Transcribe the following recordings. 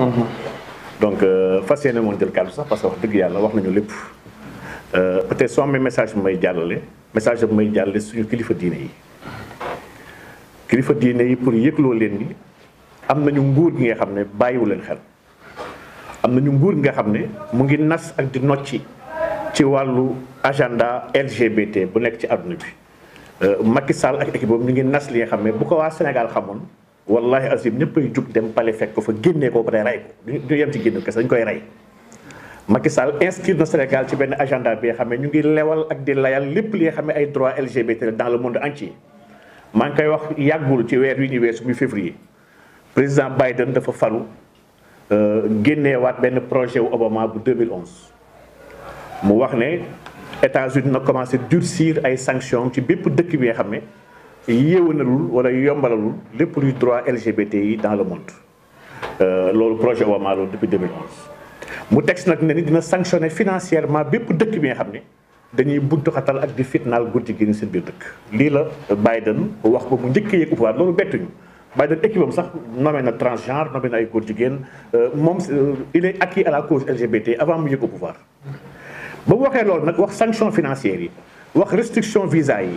Mm-hmm. donc euh, fas yéene moon jël kàddu sax parce que wax dëgg yàlla wax nañu lépp euh, peut-être soo amee message bi may jàllale message bi may jàllale suñu kilifa diine yi kilifa diine yi pour yëgloo leen ni am nañu nguur gi nga xam ne bàyyiwu leen xel am nañu nguur gi nga xam ne mu ngi nas ak di nocci ci wàllu agenda LGBT bu nekk ci àdduna bi euh, Macky Sall ak équipe boobu ñu ngi nas li nga xam ne bu ko waa Sénégal xamoon wallahi asim ñëpp ay jug dem pale fekk ko fa génnee ko ba tey rey ko du yem ci génn kese dañ koy rey Macky Sall inscrire na Sénégal ci benn agenda bi nga xam ne ñu ngi lewal ak di layal lépp li nga xam ne ay droit LGBT dans le monde entier maa ngi koy wax yàggul ci weer wi ñu weesu muy février président Biden dafa falu euh, génnewaat benn projet wu Obama bu 2011 mu wax ne États-Unis na commencé durcir ay sanctions ci bépp dëkk bi nga xam ne yéwénalul wala yombalalul lépp luy droit LGBTI dans le monde euh, loolu projet Obama loolu depuis 2011. mu texte nag ne ni dina sanctionner financièrement bépp dëkk bi nga xam ne dañuy buntu xatal ak di fitnaal guddi gi seen biir dëkk. lii la Biden wax ba mu njëkkee yeeg pouvoir loolu bettuñu Biden équipe am sax nommé na transgenre nommé na ay góor jigéen euh, moom euh, il est acquis à la cause LGBT avant mu yëg au pouvoir ba mu waxee loolu nag wax sanction financière yi wax restriction visa yi.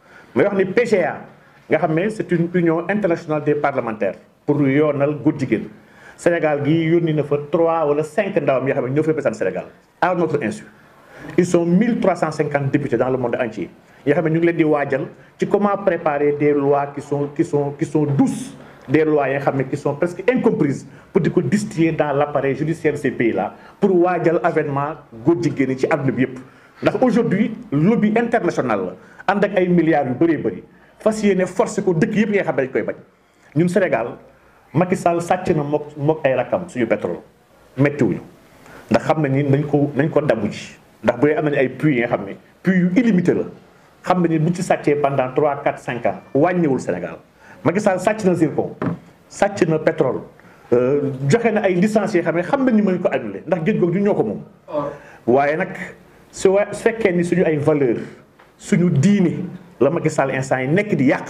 Mais wax ni PGA c'est une union internationale des parlementaires pour yonal journal Sénégal gi yoni na fa 3 wala 5 ndawam yoo xam ne ñoo Sénégal à notre insu ils sont 1350 députés dans le monde entier yoo xam ñu ngi leen di ci comment préparer des lois qui sont qui sont qui sont douces des lois qui sont presque incomprises pour diko distiller dans l'appareil judiciaire de ces pays là pour waajal avènement góor ci Aujourd'hui, bi aujourd'hui lobby international ànd ak ay milliards yu bëree bëri fas yéene forcé ko dëkk yëpp yi nga xam ne dañ koy bañ ñun Sénégal Macky Sall sàcc na mook mook ay rakkam suñu pétrole méttiwuñu ndax xam nañ ni nañ ko nañ ko dabu ji ndax bu dee am nañu ay puits yi nga xam ne puits yu illimité la xam nañu buñ ci sàccee pendant 3 4 5 ans wàññiwul Sénégal Macky Sall sàcc na zircon sàcc na pétrole euh, joxe na ay licences yoo xam ne xam nañu mën ko annulé ndax géej googu du ñoo ko moom oh. waaye nag su sekkee ni suñu ay valeur suñu diine la Macky Sall instant yi nekk di yàq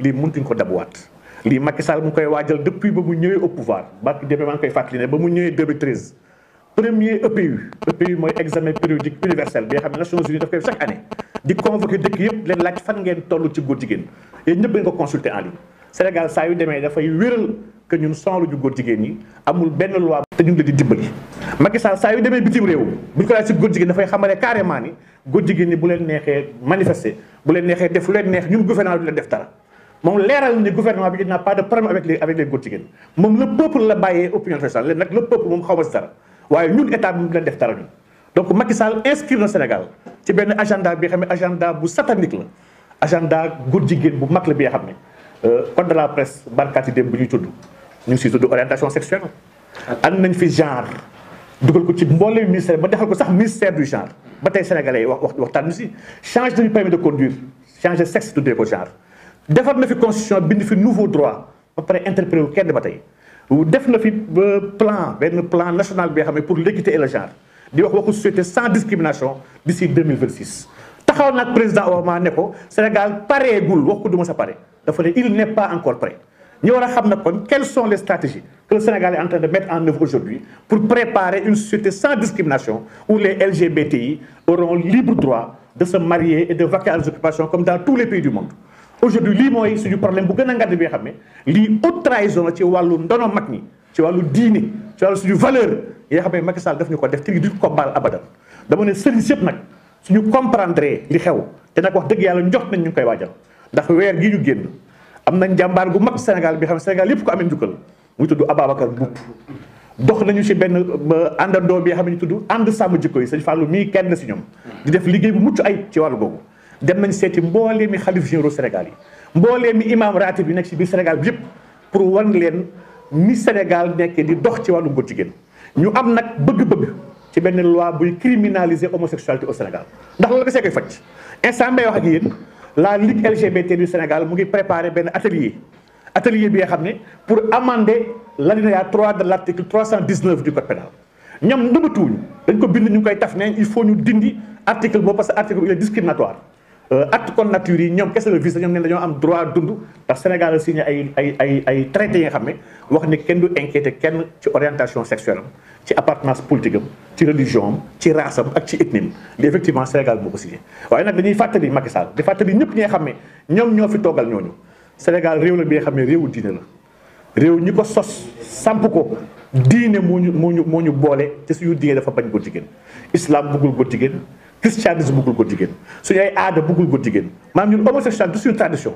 lii mëntuñ ko dabuwaat lii Macky Sall mu ngi koy waajal depuis ba mu ñëwee au pouvoir barki démb maa ngi koy fàttali ne ba mu ñëwee 2013 premier EPU EPU mooy examen périodique universel bi nga xam ne Nations Unies daf koy chaque année di convoqué dëkk yëpp leen laaj fan ngeen toll ci góor jigéen yéen ñëpp ngeen ko consulté en ligne Sénégal saa yu demee dafay wéral que ñun sonlu ñu góor jigéen ñi amul benn loi te di dimbali Macky Sall saa yu demee bitim réew bu ñu ko laaj si góor jigéen ni góor jigéen ñi bu len nexé manifester bu len nexé def lu leen neex ñun gouvernement bi la def dara mom léral ni gouvernement bi il n'a pas de problème avec les avec les góor jigéen moom le peuple la bayé opinion sociale léegi nag le peuple mom xawma ma si dara waaye ñun état bi mu def dara ñun donc Macky Sall inscrit le Sénégal ci ben agenda bi xam agenda bu satanique la agenda góor jigéen bu mak la bi xamné euh ne code de la presse barkati dem bu ñuy tudd ñu ci siy orientation sexuelle. ànd nañ fi genre dugal ko ci mbolé ministère ba defal ko sax ministère du genre ba sénégalais wax waxtaan si change de permis de conduire changer sexe de ko genre defar na fi constitution bind fi nouveau droit ba pare interpréter wu kenn de ou def na fi plan ben plan national bi xamé pour l'équité et le genre di wax waxu société sans discrimination d'ici 2026 taxaw nak président Obama né ko Sénégal pareegul wax ko du ma sa dafa il n'est pas encore prêt ñu war xam nak kon quelles sont les stratégies que le Sénégal est en train de mettre en œuvre aujourd'hui pour préparer une société sans discrimination où les LGBTI auront libre droit de se marier et de vaquer à leurs occupations comme dans tous les pays du monde aujourd'hui li moy suñu problème bu gëna a ngand bi nga li ne lii haute trahison ci walu ndono mag ñi ci walu diine ci wàllu suñu valeur yi nga Macky Sall daf ñuko def te du ko bal abadan dama né sëriñ yëpp nak suñu comprendre li xew té nak wax dëgg Yalla njox nañ ñu koy wajal. ndax wër gi ñu génn am nañ jambar gu mag Sénégal bi xam Sénégal yëpp ko amee njukkal mu tudd Ababacar Mboup dox nañu ci benn àndandoo bi xam ne ñu tudd ànd sàmm jikko yi sëñ Fallou mii kenn si ñoom di def liggéey bu mucc ay ci wàllu googu dem nañ seeti mboolee mi xalif généraux Sénégal yi mboolee mi imam bi yi nekk ci biir Sénégal bi yëpp pour wan leen ni Sénégal nekkee di dox ci wàllu góor jigéen ñu am nag bëgg-bëgg ci benn loi buy criminaliser homosexualité au Sénégal ndax loolu kese koy faj instant mbay wax ak yéen la ligue LGBT du Sénégal mu ngi préparé benn atelier atelier bi pour amender l'alinéa 3 de l'article 319 du code pénal Nous, nous dañ ko bind ñu koy taf ne il faut ñu dindi article parce que article il est discriminatoire euh, acte contre nature Nous, ñoom le la vise ñoom ne am droit dund Le Sénégal a signé ay ay ay ay traité yi ne wax ne kenn du orientation sexuelle sur ci appartenance politique sur ci religion sur ci race am ak ci ethnie am li a Sénégal moo ko signé waaye nag dañuy fàttali Macky Sall di fàttali ñëpp ñi nga xam ne ñoom ñoo ñooñu Sénégal réew la bi nga xam ne réewu diine la réew ñi ko sos samp ko diine moo ñu moo ñu moo ñu boole te yu diine dafa bañ góor jigéen islam bëggul góor jigéen christianisme ko góor jigéen suñu ay aada bëggul góor jigéen maanaam ñun homosexualité du suñu tradition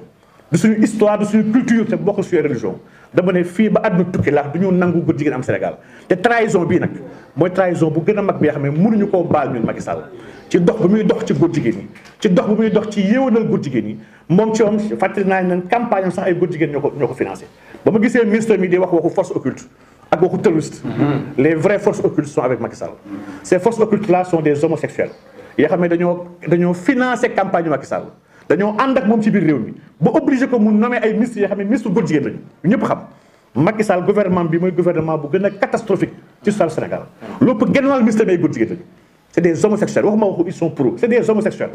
de suñu histoire de suñu culture te bokkul suñu religion dama né fi ba àdduna tukki la duñu ñu nangu góor jigéen am Sénégal té trahison bi nak moy trahison bu gëna a mag bi xamé mënuñu ko baal ñun Macky Sall ci dox bu muy dox ci góor jigéen yi ci dox bu muy dox ci yéewanal góor jigéen yi moom ci am fàttali naa ne campagne am sax ay góor jigéen ñoko ko ñoo ko financé ministre mi di wax waxu force occulte ak waxu terroriste mm-hmm. les vraies forces occultes sont avec Macky Sall ces forces occultes là sont des homosexuels yoo xamé ne dañoo dañoo financé campagne Macky Sall dañoo ànd ak moom ci biir réew mi ba obligé ko mu nommé ay ministres yoo xam ne ministre góor jigéen lañu ñëpp xam Macky Sall gouvernement bi mooy gouvernement bu gën a catastrophique ci histoire Sénégal lopp genn wàll ministre ay góor jigéen lañu c' est des homosexuels waxuma waxu ils sont pro c' est des homosexuels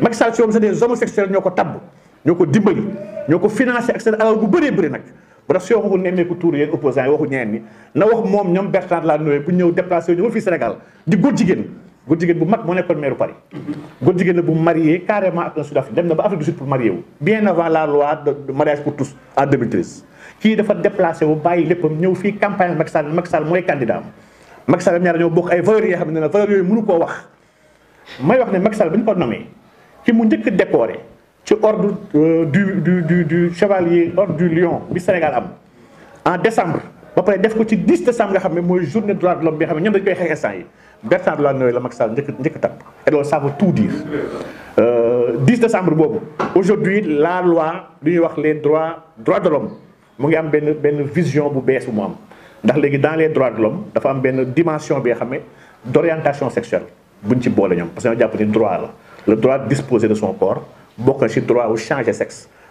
Macky Sall ci moom c' est des homosexuels ñoo ko tabb ñoo ko dimbali ñoo ko financé ak seen alal bu bëree bëri nag bu tax si waxu nemmeeku tour yéen opposants yi waxu ñeneen ni na wax moom ñoom Bertrand Delanoë bu ñëw déplacé ñëw fii Sénégal di góor jigéen góor bu Paris la marié carrément ak dem Afrique du Sud pour marié bien avant la loi de mariage pour tous en 2013 qui dafa déplacer wu leppam campagne Macky Sall Macky candidat Macky ñoo ay yi ne mënu wax may wax décoré ci ordre euh, du chevalier ordre du lion bi Sénégal en décembre ba pare def ko ci 10 décembre nga xamné moy mooy journée droit de l'homme bi xamné ñam dañ koy xexé instant yi Bertrand de la Macky Sall njëkk njëkk tàpp et loolu ça veut tout dire 10 euh, décembre bobu aujourd'hui la loi lu wax les droits droits de l'homme mo ngi am ben ben vision bu bess bu mu am ndax dans les droits de l'homme dafa am ben dimension bi xamné d'orientation sexuelle buñ ci bolé ñom parce que ñoo ni droit la le droit de disposer de son corps bokk ci droit au changer sexe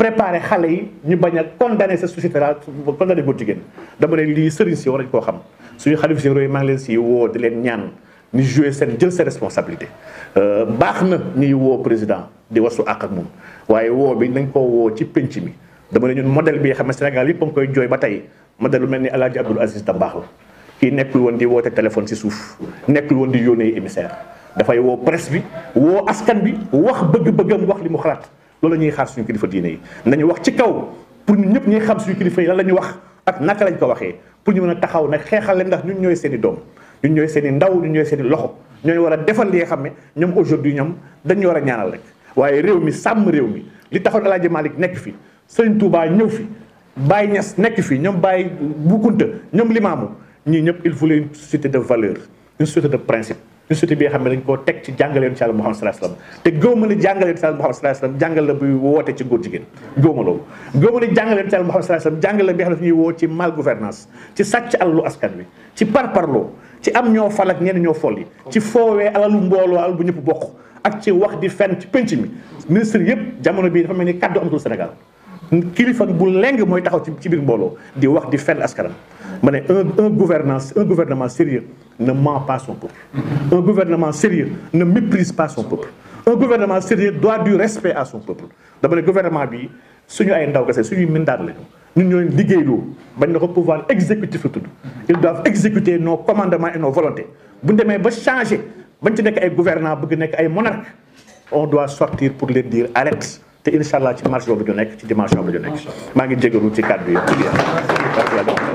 préparer xalé yi ñu baña condamner cette société là condamner góor jigéen dama ne lii sëriñ si war nañ koo xam suñu xalifa si roy ma ngi len si wo di len ñaan ni jouer seen jël seen responsabilité euh baxna ñuy wo président di wasu ak ak moom waye wo bi nañ ko wo ci pénc mi dama né ñun modèle bi xam Sénégal yëpp pam koy joy ba tay modèle lu melni ni Abdul Aziz ta Aziz la ki nekkul won di woote téléphone ci souf nekkul won di yónnee émissaire da fay wo presse bi wo askan bi wax bëgg-bëggam wax li mu xalaat loolu ñuy xaar suñu kilifa diine yi nañu wax ci kaw pour ñun ñëpp ñuy xam suñu kilifa yi lan la ñu wax ak naka lañ ko waxee pour ñu mën a taxaw nag xeexal leen ndax ñun ñooy seeni i doom ñun ñooy seen i ndaw ñun ñooy seeni loxo ñooy war a defal li nga xam ne ñoom aujourd'hui ñoom dañuy war a ñaanal rek waaye réew mi sàmm réew mi li taxoon El Hadj Malick nekk fi Sëriñ Touba ñëw fi bàyyi ñas nekk fi ñoom Baye Boukounta ñoom Limamou ñii ñëpp il faut une société de valeur une de principe société bi nga xam ne dañ koo teg ci jàngale yoon ci Yàlla Muhammad sallallahu alayhi wasallam te gëwma ne jàngale yoon ci Yàlla Muhammad sallallahu alayhi wasallam jàngal woo ci mal gouvernance ci sàcc alalu askan wi ci parparloo ci am ñoo fal ak ñenn ñoo fol yi ci foowee alalu mbooloo bu ñëpp bokk ak ci wax di fenn ci penc mi ministre yëpp jamono bii dafa mel ni kàddu amatul Sénégal kilifa bu leng mooy taxaw ci biir mbooloo di wax di fenn askanam ma ne un un gouvernance un gouvernement sérieux ne ment pas son peuple. Un gouvernement sérieux ne méprise pas son peuple. Un gouvernement sérieux doit du respect à son peuple. D'abord, le gouvernement, c'est nous bañ na pouvoir exécutif ils doivent exécuter nos commandements et nos volontés Si nous changer bañ gouvernants être monarques on doit sortir pour leur dire arrête te ci marche de ñu